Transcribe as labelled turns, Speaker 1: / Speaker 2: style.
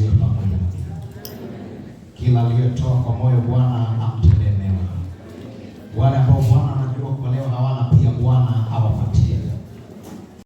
Speaker 1: mapenzi ya pamoja. Kila aliyetoa kwa moyo Bwana